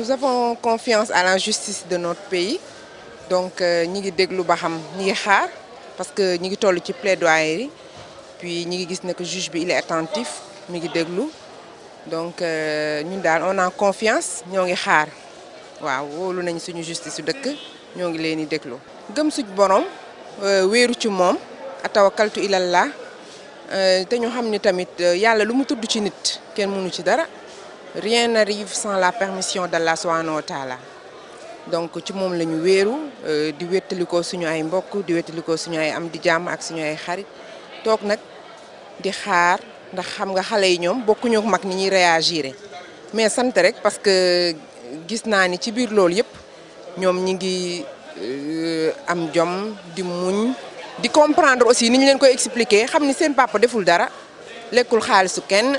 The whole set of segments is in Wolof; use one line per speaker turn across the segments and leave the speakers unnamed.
nous avons confiance à la justice de notre pays donc euh, ñi ngi déglu ba ñi xaar parce que ñi ngi toll ci plaidoyer puis ñi ngi gis ne que juge bi il est attentif mi ngi déglu donc euh, ñun daal on a confiance ñoo ngi xaar waaw wóolu nañ suñu justice su dëkk ñoo ngi leen di déglu. gëm suñ borom euh, wéeru ci moom atawakaltu ilallah te ñu xam ni tamit yàlla lu mu tudd ci nit kenn mënu ci dara rien n'arrive sans la permission d'Allah subhanahu wa taala donc ci moom la ñu wéeru euh, di wettalikoo suñu ay mbokk di wettalikoo suñu ay am di jàmm ak suñu ay xarit toog nag di xaar ndax xam nga xalé yi ñom bokku ñok mag ni ñi réagir mais sant rek parce que gis naa ni ci biir loolu yépp ñom ñi ngi euh, am jom di muñ di comprendre aussi ni ñu leen koy expliquer xam ni seen papa deful dara lekul xaalisu kenn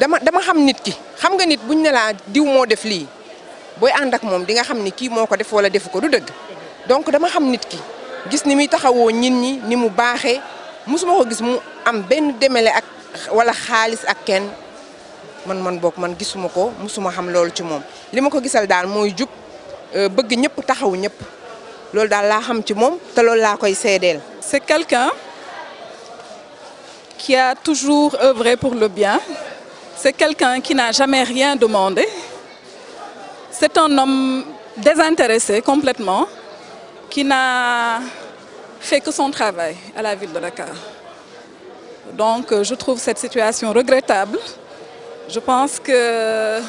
dama dama xam nit ki xam nga nit buñ ne diw moo def lii booy ànd ak moom di nga xam ni kii moo ko def wala defu ko du dëgg donc dama xam nit ki gis ni muy taxawoo nit ñi ni mu baaxee musuma ko gis mu am benn demele ak wala xaalis ak kenn man man bokk man gisuma ko musuma xam loolu ci moom li ma ko gisal daal mooy jub euh, bëgg ñëpp taxaw ñëpp loolu daal laa xam ci moom te loolu laa koy seedeel c'est quelqu'un qui a
toujours œuvré pour le bien c'est quelqu'un qui n'a jamais rien demandé. C'est un homme désintéressé complètement, qui n'a fait que son travail à la ville de Dakar. Donc euh, je trouve cette situation regrettable. Je pense que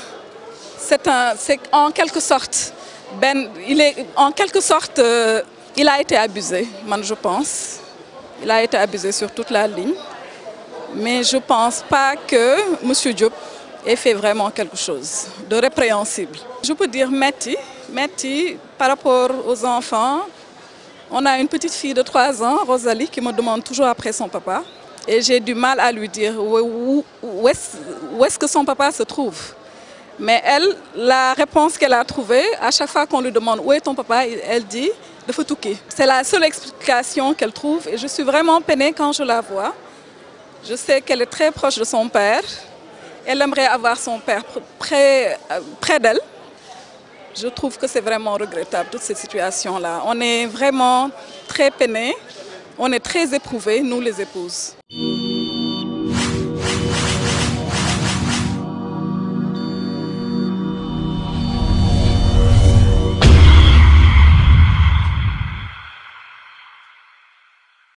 c'est en quelque sorte, ben, il est en quelque sorte, euh, il a été abusé, je pense. Il a été abusé sur toute la ligne. Mais je ne pense pas que M. Diop ait fait vraiment quelque chose de répréhensible. Je peux dire Métis. par rapport aux enfants, on a une petite fille de 3 ans, Rosalie, qui me demande toujours après son papa. Et j'ai du mal à lui dire où, est-ce que son papa se trouve. Mais elle, la réponse qu'elle a trouvée, à chaque fois qu'on lui demande où est ton papa, elle dit de Fotouki. C'est la seule explication qu'elle trouve et je suis vraiment peinée quand je la vois. Je sais qu'elle est très proche de son père. Elle aimerait avoir son père près, euh, près d'elle. Je trouve que c'est vraiment regrettable, toute cette situation-là. On est vraiment très peinés, on est très éprouvés, nous les épouses.